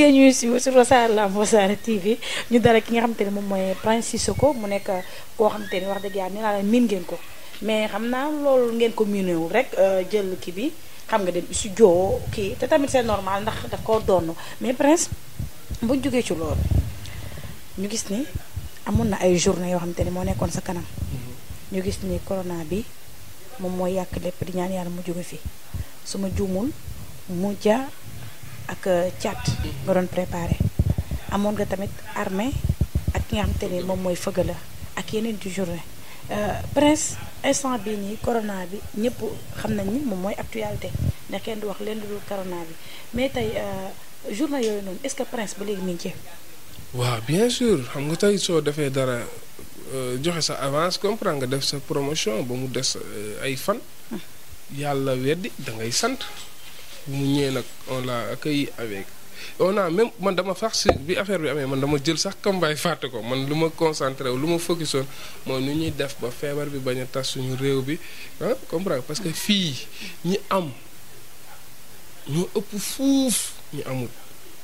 yéen ñuy suivre sur Wassare Lamb Wassare TV ñu dara ki nga xamante ne moom mooy Prince ko mu nekk koo xamante ne wax dëgg yàlla nee naa la miin ngeen ko mais xam naa loolu ngeen ko miinewul rek euh, jël ki bi xam nga dem joo kii te tamit c'est normal ndax daf koo doon mais Prince buñ jógee ci loolu ñu gis ni amoon na ay na yoo xamante ne moo nekkoon sa kanam mm-hmm. ñu gis ni corona bi moom mooy yàq lépp di ñaan yàlla mu jóge fi su ma juumul mu ja ak caat euh, nga doon préparé amoon nga tamit armée ak ki nga xam te ne moom mooy fëgg la ak yeneen du journée euh, prince instant bii nii corona bi ñëpp xam nañ ni moom mooy actualité ndax kenn du wax leen lu dul corona bi mais tey euh, journée yooyu noonu est-ce que prince ba léegi mi ngi ci waaw bien sûr xam nga tey soo defee dara joxe sa avance comprend nga def sa promotion ba mu des ay fan yàlla weddi da ngay sant mu ñëwee nag on l'a accueilli avec on a même man dama sax si bi affaire bi amee man dama jël sax comme bay fàtte ko man lu ma concentré wu lu ma focus woon mooy nu ñuy def ba feebar bi bañ a tas suñu réew bi ah comprendre parce que fii ñi am ñoo ëpp fuuf ñi amul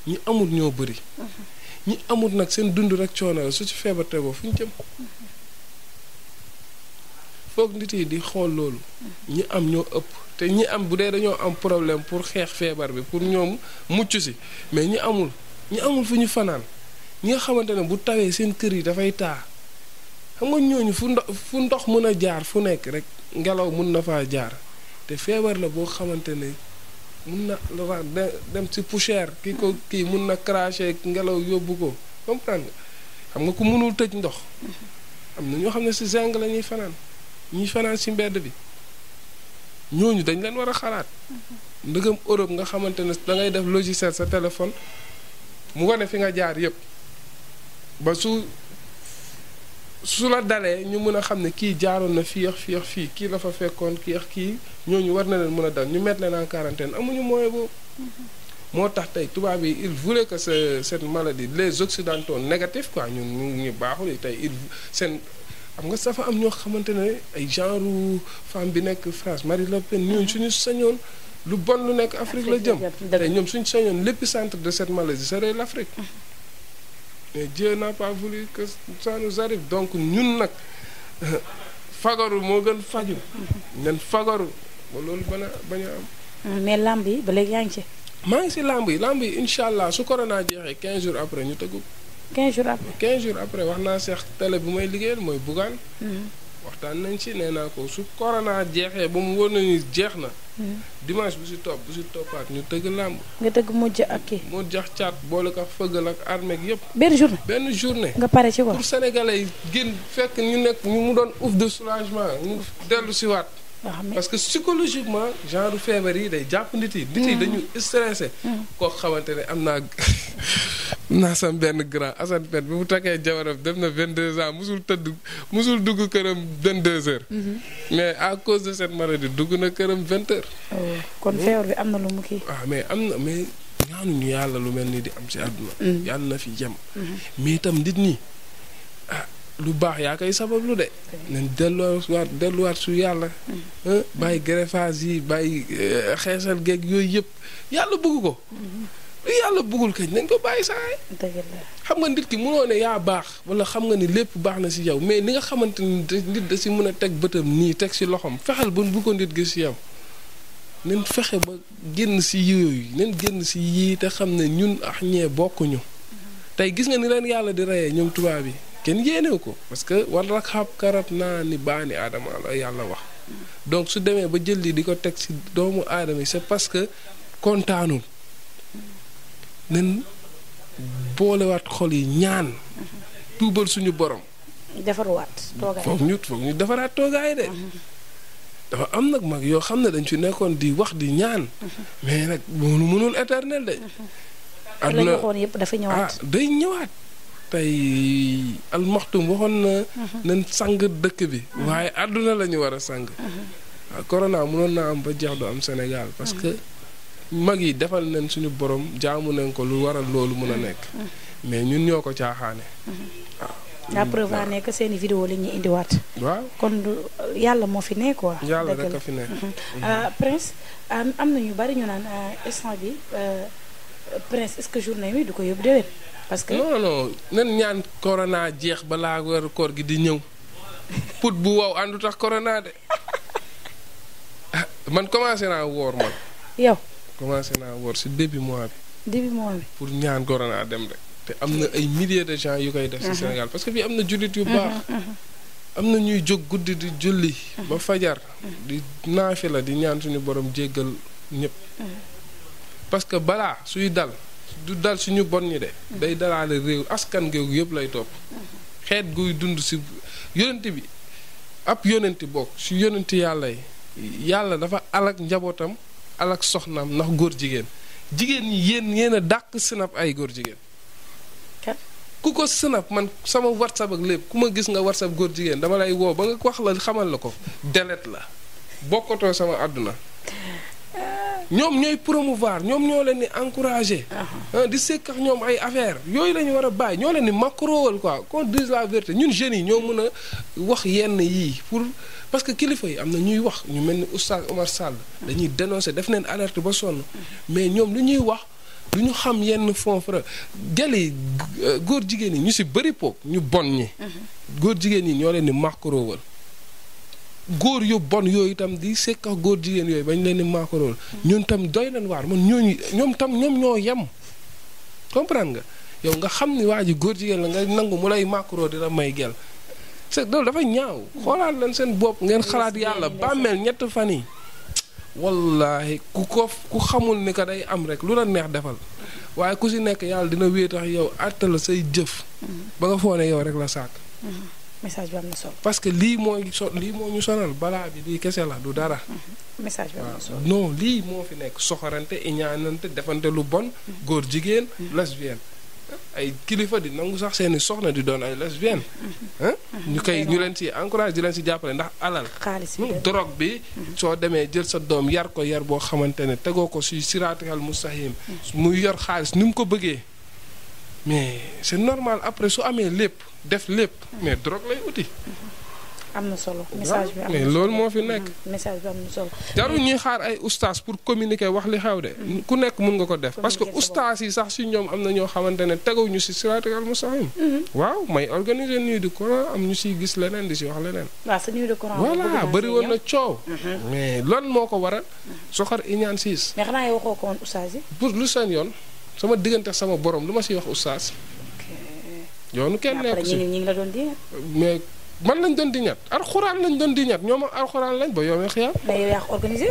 ñi amul ñoo bëri. ñi amul nag seen dund rek coono la su ci feebar tegoo fu ñu jëm. foog nit yi di xool loolu. ñi am ñoo ëpp. te ñi am bu dee dañoo am problème pour xeex feebar bi pour ñoom mucc si mais ñi amul ñi amul fu ñu fanaan ñi nga xamante ne bu tawee seen kër yi dafay taa xam nga ñooñu fu ndox fu a jaar fu nekk rek ngelaw mën na faa jaar te feebar la boo xamante ne mën na dem ci poussière ki ko kii mën na craché ngelaw yóbbu ko nga ku mënul tëj ndox mm-hmm. am na ñoo xam ne ci zinc la ñuy fanaan ñuy fanaan ci mbedd bi. ñooñu dañ leen war a xalaat. ndëgam Europe nga xamante ne da ngay def logiciel sa téléphone mu wane fi nga jaar yëpp ba su su la dalee ñu mën a xam ne kii jaaroon na fii ak fii ak kii la fa fekkoon kiix kii ñooñu war na leen mën a dal ñu mettre leen en quarantaine amuñu moyen boobu. moo tax tey tubaab yi il voulait que ce cette maladie les occidentaux négatifs quoi ñun ñu ngi baaxul tey il seen. xam nga safa am ñoo xamante ne ay genre femme bi nekk France Marine Le Pen ñooñu suñu sañoon lu bon lu nekk Afrique la jëm te ñoom suñu sañoon l'épicentre de cette maladie serait l'Afrique mm-hmm. mais Dieu n'a pas voulu que ça nous arrive donc ñun nag euh, fagaru moo gën faju mm-hmm. nen fagaru ba loolu bana bañ a am mm, mais lamb maa ngi si lamb yi lamb yi incha allah su corona jeexee 15 jours après ñu tëggu 15 jours après 15 jours après wax naa seex tele bu may liggéeyal mooy Bougane. Hmm. waxtaan nañ ci nee naa ko su corona jeexee ba mu wóor nañu jeex na. Hmm. dimanche bu si topp bu si toppaat ñu tëgg làmb. nga tëgg mujj ak kii. mu jax caat boole ko fëggal ak armée yëpp. benn benn journée. nga pare ci ko pour sénégalais yi génn fekk ñu nekk ñu mu doon ouf de soulagement ñu dellu si waat. Ah, parce que psychologiquement genre feebar yi day jàpp nit yi. nit yi hmm. dañu stressé. koo xamante ne am naa. naa naasam benn grand Assane Pène bi mu takkee jabaram def na 22 ans musul tëdd musul dugg këram 22 heures. Mhm. mais à cause de cette maladie dugg na këram 20 heures. Oh, kon oh. feebar bi am na lu mu kii. Ah, mais am na mais ñaanuñu yàlla lu mel nii di am si àdduna. Mhm. yàlla na fi yem. Mhm. mais itam nit ñi ah lu baax yaa koy lu de. nañ delluwaat delluwaat su yàlla. bàyyi greffage yi bàyyi euh, xeesal geeg yooyu yëpp yàlla bëgg ko. lu yàlla bëggul kañ nañ ko bàyyi saay xam nga nit ki mënoo ne yaa baax wala xam nga ni lépp baax na si yow mais li nga xamante ni nit da si mën a teg bëtam nii teg si loxoom fexeel ba bu ko nit gis si yow nañ fexe ba génn si yooyu génn si yii te xam ne ñun ak ñee bokkuñu tey gis nga ni leen yàlla di reyee ñoom tubaab yi kenn yéenew ko parce que war rak xab karat naa ni baani aadama la yàlla wax donc su demee ba jël lii di ko teg si doomu aadama yi c'est parce que kontaanul nen boolewaat xol yi ñaan. tuubal suñu borom. defaruwaat toogaay defaraat toogaay de. dafa am nag mag yoo xam ne dañ ci nekkoon di wax di ñaan. mais nag mënu mënul éternel de. yëpp dafa ñëwaat ah, day ñëwaat. tey almaxtum waxoon na. nañ sang dëkk bi. waaye àdduna la ñu war a sang. Mhm. corona mënoon naa am ba jeex du am Sénégal parce mag yi defal nañ suñu borom jaamu nañ ko lu waral loolu mun a mm-hmm. nekk. Mm-hmm. mais ñun ñoo ko caaxaane. waaw mm-hmm. ah. nekk seen i vidéo la ñuy indiwaat. waaw kon yàlla moo fi ne quoi. yàlla rek fi ne euh, Prince am na ñu bari ñu naan euh, instant bi euh, Prince est-ce que journée bi du ko yóbbu déwén. parce que non non ñaan corona jeex balaa weeru koor gi di ñëw put bu wow àndu tax corona de ah, man commencé naa woor man. yow. commencé naa woor si début mois bi. début mois bi. pour ñaan corona dem rek. te am na ay milliers de gens yu koy def. si mhm. Sénégal parce que fii am na jullit yu baax. Mhm, mhm. am na ñuy jóg guddi di julli. ba fajar. di naafi la di ñaan suñu borom jéggal ñëpp. parce que balaa suy dal du dal suñu bon ñi de. day dalaale réew askan géew yëpp lay topp. xeet guy dund si yonent bi ab yonent bokk si yonent yàlla yi yàlla dafa alak njabootam. alak soxnaam ndax góor jigéen jigéen ñi yéen yéen a dàq snap ay góor jigéen. ku ko snap man sama whatsapp ak lépp ku ma gis nga whatsapp góor jigéen dama lay woo ba nga wax la xamal la ko delete la bokkatoo sama àdduna. ñoom ñooy promouvoir ñoom ñoo leen di encourager. Uh-huh. di sekk ak ñoom ay affaire yooyu la war a bàyyi ñoo leen ni macrowal quoi qu'on dise la vérité ñun jeunes yi ñoo mën a wax yenn yii pour. parce que kilifa yi am na ñuy wax ñu mel ni oustaz Omar Sall. dañuy dénoncer def neen alerte ba sonn. mais ñoom lu ñuy wax du ñu xam yenn fonds fra yi euh, góor jigéen ñi ñu si bëri poog ñu bon ñi. góor jigéen ñi ñoo leen di màkkaroowal góor yu bon yooyu itam di sekk ak góor jigéen yooyu bañ leen di màkkaroowal. ñun tam doy nañ waar man ñooñu ñoom tam ñoom ñoo yem comprend nga yow nga xam ni waa ji góor jigéen la nga nangu mu lay màkkaroo di may gel c'est loolu dafa ñaaw xoolaat leen seen bopp ngeen xalaat yàlla bàmmeel ñett fan yi wallaahi ku ko ku xamul ni ko day am rek lu la neex defal waaye ku si nekk yàlla dina wéy yow àttal say jëf mm-hmm. ba nga foone yow rek la sàkk mm-hmm. message parce que lii mooy so lii moo ñu sonal balaa bi lii kese la du dara. Mm-hmm. message lii moo fi nekk soxorante iñaanante defante lu bon. góor jigéen lesbienne. ay kilifa di nangu sax seeni soxna di doon ay lesbienne ñu koy ñu leen ci encourage di leen ci jàppale ndax alal hmm, drogue bi soo demee jël sa doom yar ko yar boo xamante ne tegoo ko si siraatal mustaqim muy yor xaalis ni mu ko bëggee mais c'est normal après su amee lépp def lépp mais drogue lay uti am na solo ah, message bi am loolu moo fi nekk. Mm-hmm. message bi am jarul ñuy xaar ay ustaas pour communiquer wax li xew de. Mm-hmm. ku nekk mun nga ko def. parce que ustaas yi sax si ñoom am na ñoo xamante ne tegawuñu si siraatal mustaqiim. Mm-hmm. waaw may organiser nuyu du Coran am ñu si gis leneen di si wax leneen. waaw sa nuyu du Coran voilà bëri woon na coow. mais lan moo ko waral. soxor iñaan siis. mais xanaa waxoo ko woon pour lu seen yoon sama diggante sama boroom lu ma siy wax ustaas. yoonu kenn nekk si man lañ doon di ñat alxuraan lañ doon di ñoo ma alxuraan lañ ba yoomee xiyaam. mais yow yaa ko organisé.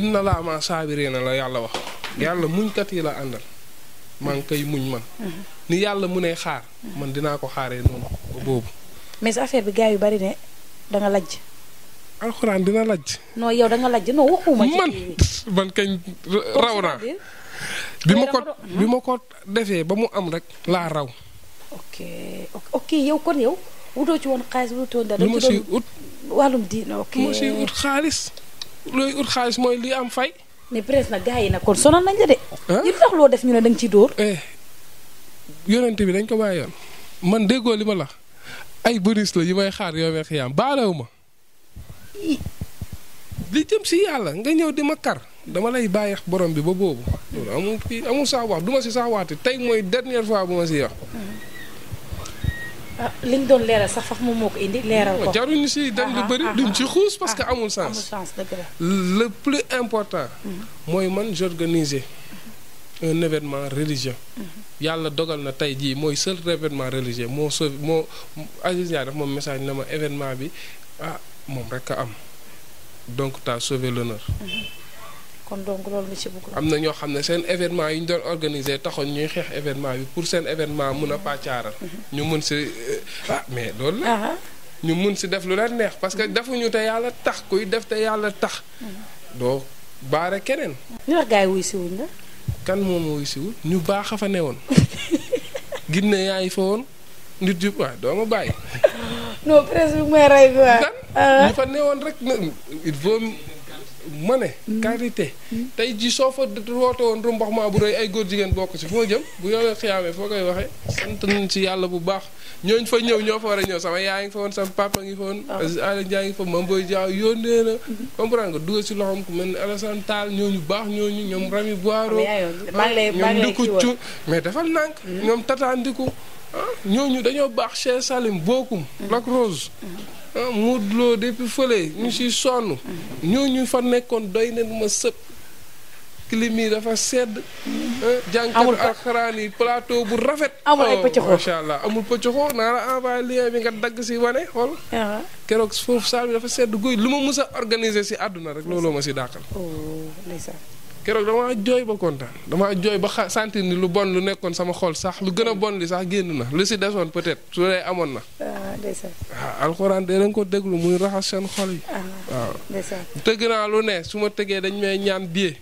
inna laa ma saabiriina la yàlla wax. yàlla muñkat yi la àndal. maa ngi muñ man. ni yàlla mu ne xaar. man dinaa ko xaaree noonu ba boobu. mais sa bi gars yi bari ne da nga lajj. alxuraan dina lajj. non yow da nga lajj non waxuma ci man man kañ raw naa. bi ma ko bi ma ko defee ba mu am rek laa raw. ok ok yow kon yow. wutoo ci woon xaalis wutoo dara. lu ma siy ut wàllum diine ok lu ma siy ut xaalis. looy ut xaalis mooy li am fay. mais presque na gars yi nag kon sonal nañ la de. def ñu ne da ciy dóor. Eh, bi dañ ko bàyyi man déggoo li ma lax ay bonus la yi may xaar yoo may xiyaam ma. li jëm si yàlla nga ñëw di ma kar dama lay bàyyi borom bi ba boobu. loolu amul fii amul wax du ma si saa waati tey mooy dernière fois bu ma si wax. Mm-hmm. Ah, liñ doon leeral sax faf moom moo ko indi leeral ko jaruñu si dem lu ah, bëri ah, duñ ci xuus parce que amul sens le plus important mm-hmm. mooy man j'organiser un événement religieux mm-hmm. yàlla dogal na tey jii mooy seul événement religieux moo sauvé moo Aziz Ndiaye daf moom message na ma événement bi ah moom rekk a am donc t'as sauvé l'honneur mm-hmm. kon donc loolu nga ci bëgg. am na ñoo xam ne seen événement yi ñu doon organiser taxoon ñuy xeex événement bi pour seen événement mun a pàccaaral. ñu mun si euh, ah mais loolu la. ñu mun si def lu la neex parce que defuñu te yàlla tax kuy def te yàlla tax. doo baare keneen. ñu wax kan moom wuy si wul ñu baax a fa newoon. ginne yaay fa woon nit yu waaw doo ma bàyyi. non presque may rey bi waaw. Ah. ñu fa newoon rek il faut. ma ne. qualité. tey jii soo fa woote woon rumbax maa bu rëy ay góor jigéen bokk si foo jëm bu yoowee xiyaamee foo koy waxee sant nañ si yàlla bu baax ñooñ fa ñëw ñoo fa war a ñëw sama yaay ngi fa woon sama papa ngi fa woon. Ah. Aliou Ndiaye ngi fa Mame Boye Diaw yónnee na. Mm-hmm. comprendre nga dugal si loxoom ku mel ni Alassane Tall ñooñu baax ñooñu ñoom Rami Boiro. ñoom Ndiku Thiou mais defal nànk. Mm-hmm. ñoom Tata ah, ñooñu dañoo baax Cheikh Salim Bokum. Black mm-hmm. Rose. Ah, Modou Lo depuis fële ñu siy sonn ñooñu fa nekkoon doy nañ ma sëpp clim yi dafa sedd ah, jànkatu alxuraan yi plateau bu rafet amul ay oh, pëccëxoo macha allah amul pëccëxoo naa la envoyé lien bi nga dagg si wane xool ah. keroog foofu saal bi dafa sedd guy lu ma mës a organiser si àdduna rek looloo ma si dàqal oh, keroog damaa jooy ba kontaan damaa jooy ba xa sentir ni lu bon lu nekkoon sama xol sax lu gën a bon li sax génn na lu si desoon peut-être su dee amoon na. waaw ah, ah, alxuraan de dañ ko déglu muy raxas seen xol yi. Ah, waaw tëgg naa lu ne su ma tëggee dañ may ñaan billet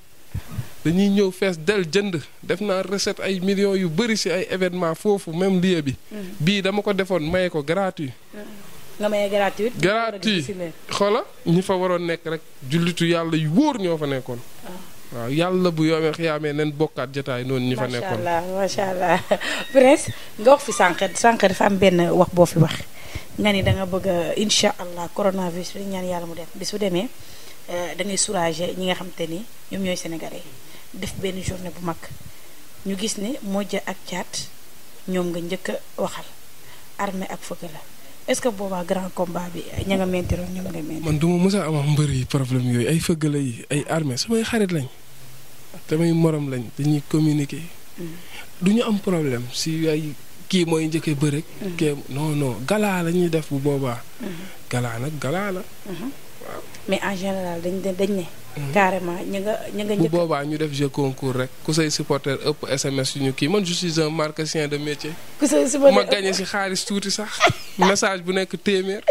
dañuy ñëw fees del jënd def naa recette ay millions yu bëri si ay événement foofu même lieu bi. Mm. bii dama ko defoon maye ko gratuit. Mm. nga maye gratuit. gratuit ñi fa waroon nekk rek jullitu yàlla yi wóor ñoo fa nekkoon. waaw yàlla bu yoowee xiyaamee nen bokkaat jotaay noonu ñi fa nekkoon macha allah macha allah Prince nga wax fi sànq sànq dafa benn wax boo fi wax nga ni da nga bëgg a incha allah coronavirus bi ñaan yàlla mu dem bi su demee eh, da ngay ñi nga xam ni ñoom ñooy sénégalais def benn journée bu mag ñu gis ni mojja ak caat ñoom nga njëkk a waxal armée ak fëgg la est-ce que boobaa grand combat bi ña nga mentiroon ñoom nga mentiroon. man du ma mës a am mbër yi problème yooyu ay fëggala yi ay armée samay xarit lañ damay morom lañ dañuy communiquer. Mm. du ñu am problème si ay kii mooy njëkkee bëri. Mm. kii non galaa la ñuy def bu boobaa. Mm-hmm. galaa nag galaa la. Mm-hmm. mais en général dañ dañ ne. Mhm. carrément ñu nga ñu nga. bu boobaa ñu def jeu concours rek ku say supporter ëpp SMS yu ñu kii man je suis un marketingien de métier. ku say supporter ma gagné si xaalis tuuti sax message bu nekk téeméer.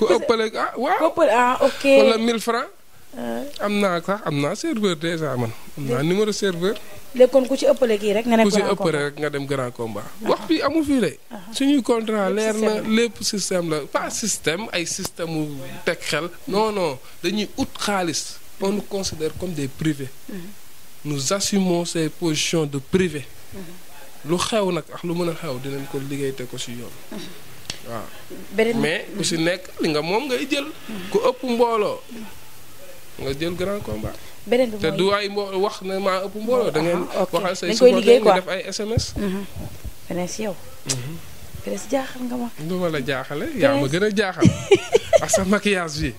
ku ëppale ah waaw ku ëppale ah ok wala francs Eh, am na sax am naa serveur des man. am naa numéro serveur. léegi kon ku ci ëppale kii rek nga dem. rek nga dem grand combat. wax bi amu fii de. suñuy contrat leer na lépp système la pas système ay système mu teg xel. non non dañuy ut xaalis. on nous considère comme des privés. Mhm. nous assumons ces positions de privés. Mhm. lu xew nag ak lu mën a xew dinañ ko liggéey te ko ci yoon. Mhm. waaw mais ku ci nekk li nga moom ngay jël. ku ëpp mbooloo. nga jël grand combat. beneen bi mooy du ay mbo wax ne maa ëpp mbooloo. da ngeen ah, waxal say supporter nga def ay SMS. Mm-hmm. beneen si yow. Mm-hmm. beneen si jaaxal nga ma. du ma la jaaxale yaa ma gën a jaaxal ak sa maquillage bi.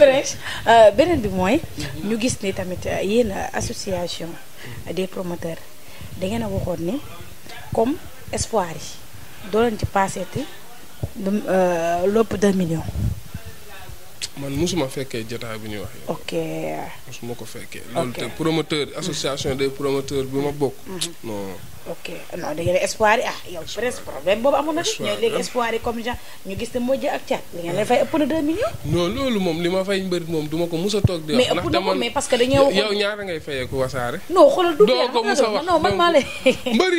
Prince euh, beneen bi mooy. Mm-hmm. ñu gis ni tamit euh, yéen euh, association des promoteurs da ngeen a waxoon ni comme espoir yi doo leen ci passé te lu ëpp man musuma fekkee jotaay bi ñuy wax yow. ok musuma ko fekkee. loolu te promoteur association des promoteurs bi ma bokk. Mhm. non. da ngeen espoir yi ah yow presque problème boobu amoon na ah. comme genre gis ne Modou ak Thiat li loolu moom li ma fay mbërit moom duma ko mus toog. di wax ndax dama mais parce que dañoo yow ñaata ngay fayee ko wasaare. non xoolal du ko mus a wax non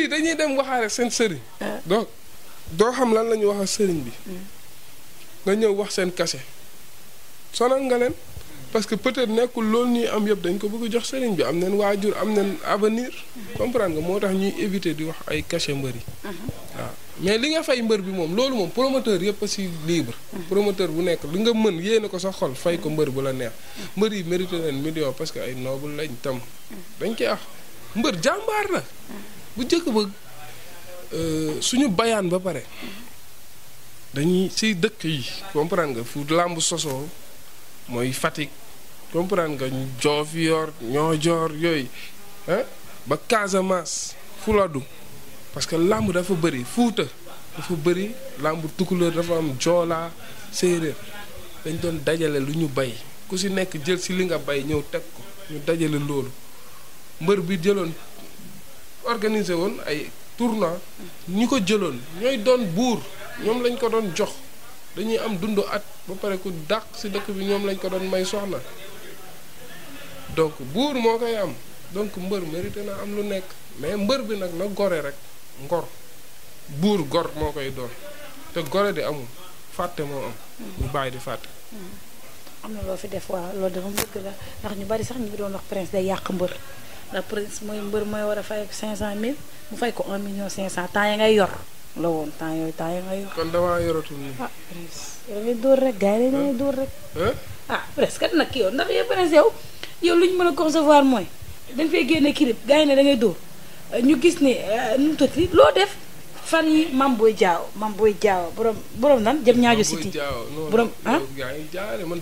yi dañuy dem waxaare seen sëriñ. Ah. donc doo xam lan la ñu wax ak sëriñ bi mm. nga ñëw wax seen kase sonal nga leen parce que peut-être nekkul loolu ñuy am yëpp dañ ko bëgg jox sëriñ bi am nañ waajur am nañ avenir comprendre nga moo tax ñuy éviter di wax ay cachet mbër yi uh-huh. waaw mais li nga fay mbër bi moom loolu moom promoteur yëpp a si libre uh-huh. promoteur bu nekk li nga mën yéene ko sa xol fay ko mbër bu la neex mbër yi mérité leen million parce que ay noble lañ tam uh-huh. dañ koy ax mbër jàmbaar la bu jëkk ba euh, suñu bayaan ba pare dañuy si dëkk yi comprendre nga fu làmb sosoo mooy Fatick comprendre nga Diofior Niodior yooyu ah ba Casamance Fuladu parce que làmb dafa bëri Fuuta dafa bëri làmb tukulóor dafa am joolaa séeréer dañ doon dajale lu ñu bay ku si nekk jël si li nga bay ñëw teg ko ñu dajale loolu mbër bi jëloon organiser woon ay tournoi ñu ko jëloon ñooy doon buur ñoom lañ ko doon jox dañuy am dund at ba pare ku dàq si dëkk bi ñoom lañ ko doon may soxna donc buur moo koy am donc mbër mérité na am lu nekk mais mbër bi nag na gore rek ngor buur gor moo koy doon te gore di amul fàtte moo am ñu bàyyi di fàtte hmm. am na loo fi def waaw loolu dafa dëgg la ndax ñu bari sax ñu ngi doon wax prince day yàq mbër ndax prince mooy mbër mooy war a fay ko 500000 mu fay ko 1 million cent temps ya ngay yor la woon temps yooyu temps yi nga yor. kon rek gaa yi dañuy dóor rek. ah Prince kat nag yow ndax yow Prince yow yow lu ñu mën a concevoir mooy dañ fay génne kirib gars yi ne da ngay dóor ñu gis ni euh, nu tëdd loo def fan yi mam booy jaaw mam booy jaaw borom borom nan jëm ñaajo city borom ah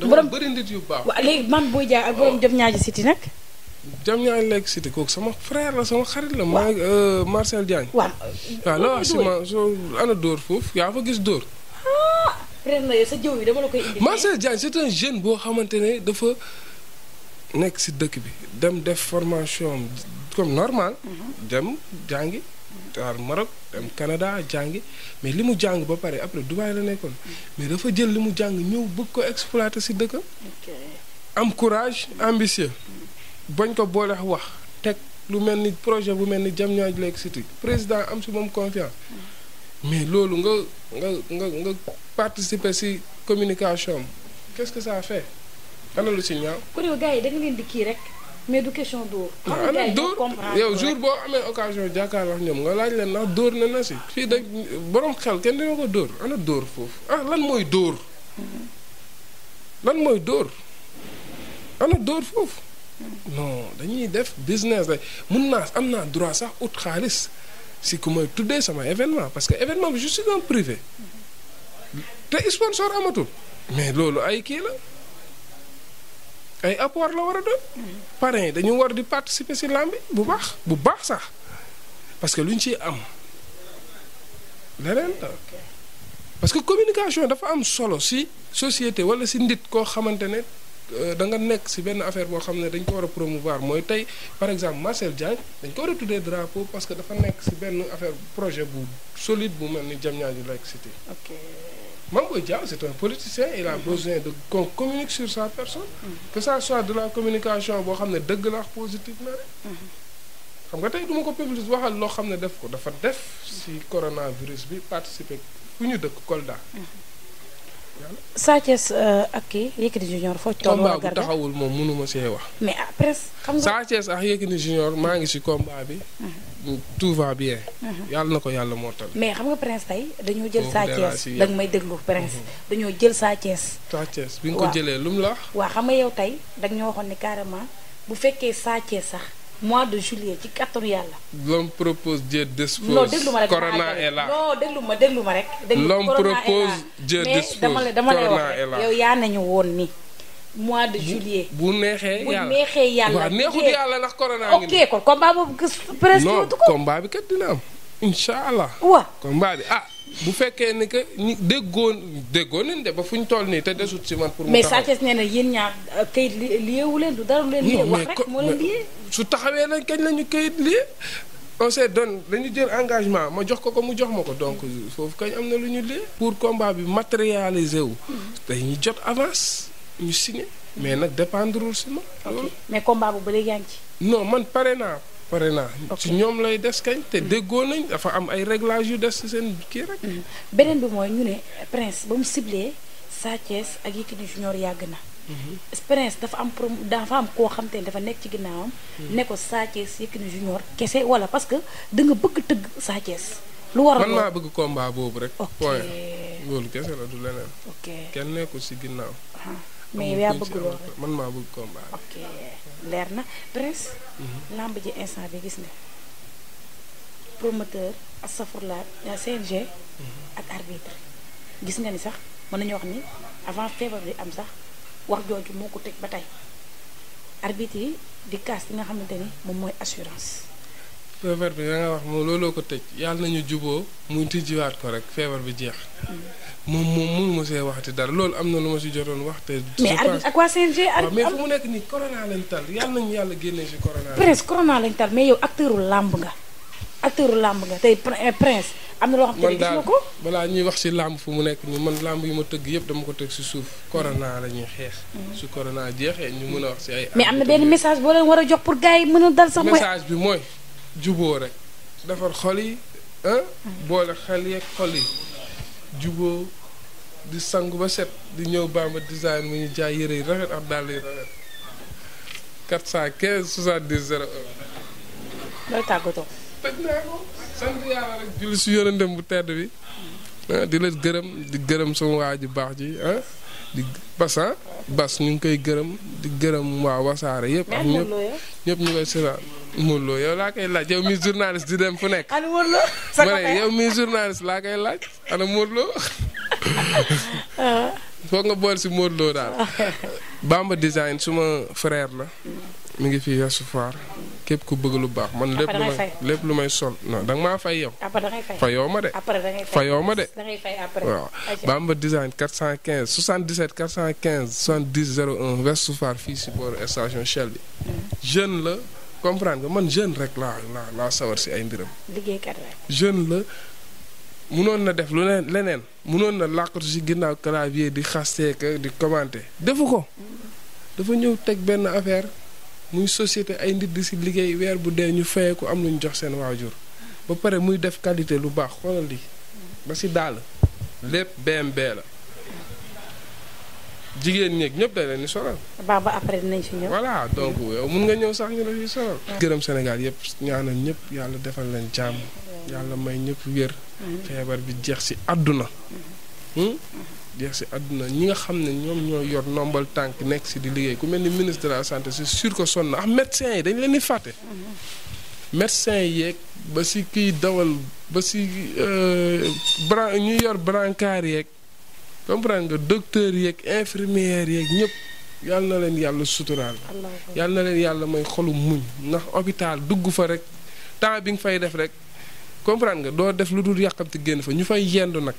borom bëri nit yu baax. waaw léegi mam booy jaaw ak borom oh. jëm ñaajo siti nag. jam ñaañ lekk cité kooku sama frère la sama xarit la. maa euh, Marcel Diagne. waaw waaw la dóor foofu yaa fa gis dóor. Ah, ren na sa jëw yi c'est un jeune boo xamante ne dafa nekk si dëkk bi dem def formation comme normal. Mhm. dem jàngi. jaar Maroc dem Canada jàngi mais li mu jàng ba pare après Dubaï la nekkoon mhm. mais dafa jël li mu jàng ñëw bëgg ko exploiter si dëkkam. am courage ambitieux. Mhm. bañ ko boole wax teg lu mel ni projet bu mel ni Diamniadio Lake City président am si moom confiance mais loolu nga nga nga nga participer si communication am qu'est-ce que ça fait ana si ñaaw. kon yow gars kii rek mais du question dóor. ana dóor yow jour boo amee occasion jàkkaarloo ak ñoom nga laaj leen ndax dóor na na si fii dañ borom xel kenn dina ko dóor ana dóor foofu ah lan mooy dóor. Mm-hmm. lan mooy dóor ana dóor foofu. non dañuy def business rek mun naa am naa droit sax ut xaalis si ku may tuddee sama événement parce que événement bi je suis dans privé te sponsor amatul mais loolu ay kii la ay apport la war a doon parrain dañu war di participer si làmbi bu baax bu baax sax parce que lu ñu ci am leneen la parce que communication dafa am solo si société wala si nit koo xamante ne Euh, da nga nekk si benn affaire boo xam ne dañ ko war a promovoir mooy tey par exemple Marcel Diagne dañ ko war a tuddee drapeau parce que dafa nekk si benn affaire projet bu solide bu mel ni Diamniadio Lake City. ok Mame Boye Diao c'est un politicien il a mm-hmm. besoin de qu'on communique sur sa personne. Mm-hmm. que ça soit de la communication boo xam ne dëgg la wax positif na rek. Mm-hmm. xam nga tey duma ko publicité waxal loo xam ne def ko dafa def si coronavirus bi participer fu ñu dëkk Kolda. Sa Thiès euh, ak kii Yékini Junior foo ci toll combat bu taxawul moom mënuma see wax. mais après xam nga Sa Thiès ak Yékini Junior maa ngi si combat bi. Mhm. tout va bien. Mhm. yàlla na ko yàlla moo tal. mais xam nga Prince tey dañoo jël. Sa Thiès da nga may déglu Prince. Mhm. dañoo jël Sa Thiès. bi nga ko jëlee lum la. waa xam nga yow tey da ñoo waxoon ni carrément bu fekkee Sa Thiès sax. mois de juillet ci kattanu yàlla. l'homme propose Dieu dispose. non déglu ma rek corona est là non déglu ma déglu ma déglu l'homme propose Dieu mais la dama lay wax woon ni mois de juillet. bu neexee yàlla bu neexee yàlla. waaw neexut ndax corona ngi ok kon combat boobu presque. non combat bi kat dina am. incha allah. waaw bu fekkee ni que ñu déggoo déggoo nañ de ba fu ñu toll nii te desut si man. pour mu taxaw mais Sathiès nee na yéen ñaar euh, kayit liyeewu leen du dara lu leen liyee. wax rek moo leen su taxawee nag kañ la ñu kayit liyee. on s'est donné dañu jël engagement ma jox ko ko mu jox ma ko donc foofu kañ am na lu ñu liyee. pour combat bi matérialiser wu. dañuy jot avance ñu signé. mais nag dépendrewul si ma. mais combat bu ba léegi yaa no man pare naa. pare naa si ñoom lay des kay te déggoo nañ dafa am ay réglages yu des ci seen kii rek. Mm. beneen bi mooy ñu ne Prince ba mu ciblé Sa ak Yékini Junior yàgg na. Mm-hmm. Prince dafa am pro dafa am koo xam te dafa nekk ci ginnaawam. Mm. ne ko Sa Thiès Yékini Junior kese wala parce que da nga bëgg tëgg Sa lu war man maa bëgg combat boobu rek. ok point loolu kese la du leneen. ok kenn nekkul si ginnaaw. mais yaa bëgg lool man maa bëgg combat ok leer na Briss. Mhm. lamb ji instant bi gis nga promoteur ak safurla CNG. Mhm. ak arbitre gis nga ni sax mën nañu wax ni avant feebar bi am sax wax jooju moo ko teg ba tey arbitre yi di kaas li nga xamante ni moom mooy assurance. feebar bi wax moom looloo ko tëj yàlla nañu juboo muy tijjiwaat ko rek feebar bi jeex. moom moom mënu ma see waxati dara loolu am na lu ma si jotoon wax te. mais arbitre ak waa mais fu nekk nii corona lañ tal yàlla nañu yàlla génnee si corona. corona lañ tal mais yow làmb nga. acteuru làmb nga tey eh, prince am na loo xam te gis nga ko balaa ñuy wax si làmb fu mu nekk nii man làmb yi ma tëgg yëpp dama ko teg si suuf. corona la ñuy xeex. Mm-hmm. su corona jeexee ñu mën a wax si ay. mais am na benn message boo leen war a jox pour gars yi mën a dal sax mooy message bi mooy. juboo rek defar xol yi boole xel yeeg xol yi juboo di sangu ba set di ñëw Bamba design mu ñu jaay yëre yi rafet ak dàll yi rafet 415 70 01. looy tàggatoo. tëj naa ko sant yàlla rek bu tedd bi di la gërëm di gërëm sama waa ji baax ji ah di bas bas ñu ngi koy gërëm di gërëm waa wasaare yëpp. ak ñëpp ñu koy seetaan. Modou Lo yow laa koy laaj yow mi journaliste di dem fu nekk. ana Modou Lo sa mi journaliste laa koy laaj ana Modou Lo foog nga bool si Modou Lo daal. Bamba design suma frère la. mu ngi fi Yasu Faar. képp ku bëgg lu baax man lépp lu may lépp lu may sol non danga maa fay yow. après dangay fay fayoo ma de. après dangay fay fayoo ma de. dangay fay après. waaw Bamba design 415 77 415 70 West Soufar fii si booru station Shell bi. Mm. jeune la. comprendre man jeune rek laa laa laa sawar si ay mbiram. liggéeykat jeune la mënoon na def lu leneen mënoon na làqatu si ginnaaw clavier di xasteeka di commenter defu ko. dafa ñëw teg benn affaire muy société ay nit di si liggéey weer bu dee ñu fayee ko am lu ñu jox seen waajur. ba pare muy def qualité lu baax xoolal lii. ba si daal lépp BMB la. jigéen ñeeg ñëpp day leen di sonal. baba après dinañ si mun nga ñëw sax ñu la fi gërëm Sénégal yëpp ñaanal ñëpp yàlla defal leen jàmm. yàlla may ñëpp wér. Mm-hmm. feebar bi jeex si àdduna. Mm-hmm. Hmm? jeex si àdduna ñi nga xam ne ñoom ñoo yor nombal tànk nekk si di liggéey ku mel ni ministre de la santé c'est sûr que sonn ah médecins yi dañ leen di fàtte. Mm-hmm. médecins yeeg ba si kiy dawal ba si euh, bran ñuy yor brancard yeeg. comprendre nga docteur yeeg infirmière yeeg ñëpp yal na leen yàlla suturaal. yal na leen yàlla may xolu muñ ndax hôpital dugg fa rek temps bi nga fay def rek comprendre doo def lu dul yàqamti génn fa ñu fay yendu nag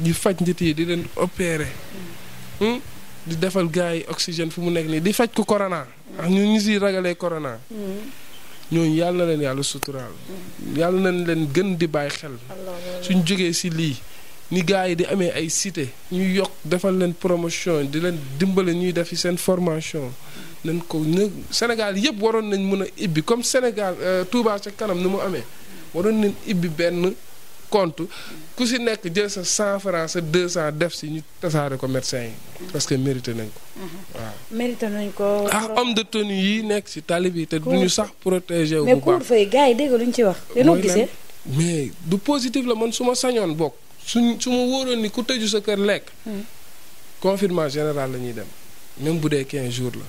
ñu faj njët yi di leen opérer. Hmm? di defal gars yi oxygène fu mu nekk nii di faj ko corona. ak ñu ñu siy ragalee corona. Hmm. ñooñu yàlla leen yàlla suturaal. Hmm. yàlla na leen gën di bàyyi xel. suñ jógee si lii. ni gars yi di amee ay cité ñuy yokk defal leen promotion di leen dimbale ñuy def defi seen formation nañ ko ne Sénégal yëpp waroon nañ mën a ibbi comme Sénégal euh, Touba ca kanam ni mu amee waroon nañ ibbi benn compte ku si nekk jël sa cent franc sa deux cent def si ñu tasaare ko médecins yi parce que mérité nañ ko mm-hmm. waaw mérité nañ ko ah, de tenue yi nekk si tali bi te duñu sax protégé wu bu baax mais gars yi dégg luñ ci wax dañoo gisee mais du positif la man su ma sañoon bokk suñ su ma wóoroon ni ku tëju sa kër lekk. Hmm. confinement général la ñuy dem même bu dee 15 jours la.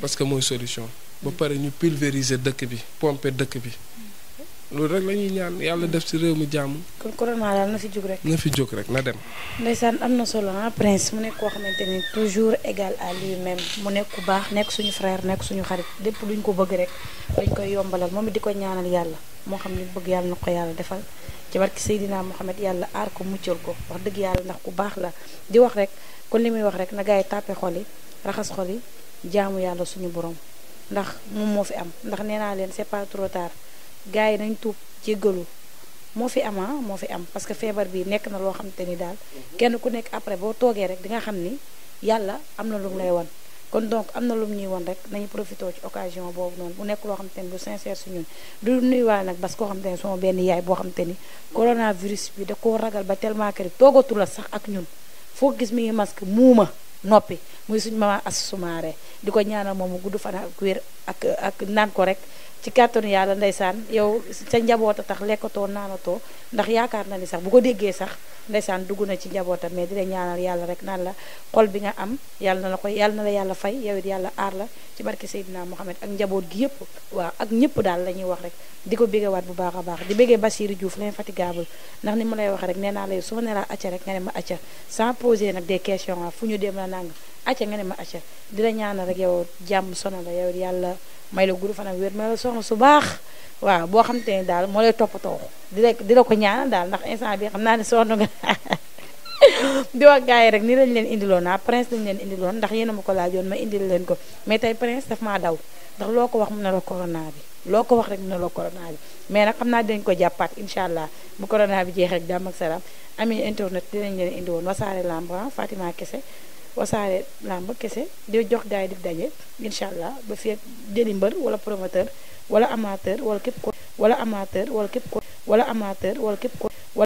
parce que mooy solution. ba hmm. pare ñu pulvériser dëkk bi pompe dëkk bi. Hmm. loolu rek la ñaan yàlla def ci réew mi jàmm. kon corona daal na fi jóg rek. na fi jóg rek na dem. ndeysaan am na solo ah prince mu nekk koo xamante ni toujours égal à lui-même mu nekk ku baax nekk suñu frère nekk suñu xarit lépp luñ ko bëgg rek dañ koy yombalal moom it di ko ñaanal yàlla. moo xam li bëgg yàlla na ko yàlla defal ci barki Seydina Mohamed yàlla aar ko muccal ko wax dëgg yàlla ndax ku baax la di wax rek kon li muy wax rek na gars tàppe xol yi raxas xol jaamu yàlla suñu borom ndax moom moo fi am ndax nee naa leen c'est pas trop tard gars yi nañ tuub jéggalu moo fi am ah, moo fi am parce que feebar bi nekk na loo xam te ni daal kenn ku nekk après boo toogee rek di nga xam ni yàlla am na lu mu lay wan kon donc am na lu ñuy woon rek nañu profité ci occasion boobu noonu mu nekk loo xamante ni lu sincère si ñun du nuyuwaale nag parce que koo xamante ni sama benn yaay boo xamante ni coronavirus bi da ko ragal ba tellement que toogatu la sax ak ñun foo gis mi ngi masque muuma noppi muy suñu maman Astou Soumaré di ko ñaanal moom mu gudd fan ak wér ak ak naan ko rek ci kàttanu yàlla ndeysaan yow sa njaboot tax lekkatoo naanatoo ndax yaakaar na ni sax bu ko déggee sax ndeysaan dugg na ci njabootam mais di la ñaanal yàlla rek naan la xol bi nga am yàlla na la koy yàlla na la yàlla fay yow it yàlla aar la ci barke Seydina Mohamed ak njaboot gi yëpp waaw ak ñëpp daal la ñuy wax rek di ko béggewaat bu baax a baax di béggee Bassirou Diouf l'infatigable ndax ni mu lay wax rek nee naa la yow su ma nee laa acca rek nga ne ma acca sans nag des questions ah, fu ñu dem la nang acca nga ne ma acca di la ñaanal rek yow jàmm sono la yow yàlla may la gudd fan ak wér may la soxna su baax waaw boo xam te ne daal moo lay toppatoo di la di la ko ñaanal daal ndax instant bi xam naa ne sonn nga di wax gars yi rek ni lañ leen indiloon naa prince lañ leen indiloon ndax yéen ma ko laajoon ma indil leen ko mais tey prince daf maa daw ndax loo ko wax mu ne la corona bi loo ko wax rek mu ne la corona bi mais nag xam naa dinañ ko jàppaat incha allah mu corona bi jeex rek jàmm ak salaam amee internet dinañ leen indiwoon wasaare lamb ah, Fatima Kese wasaare làmb kese di jox gars yi di daje incha ba fekk jëli mbër wala promoteur wala amateur wala képp ko wala amateur wala képp ko wala amateur wala képp ko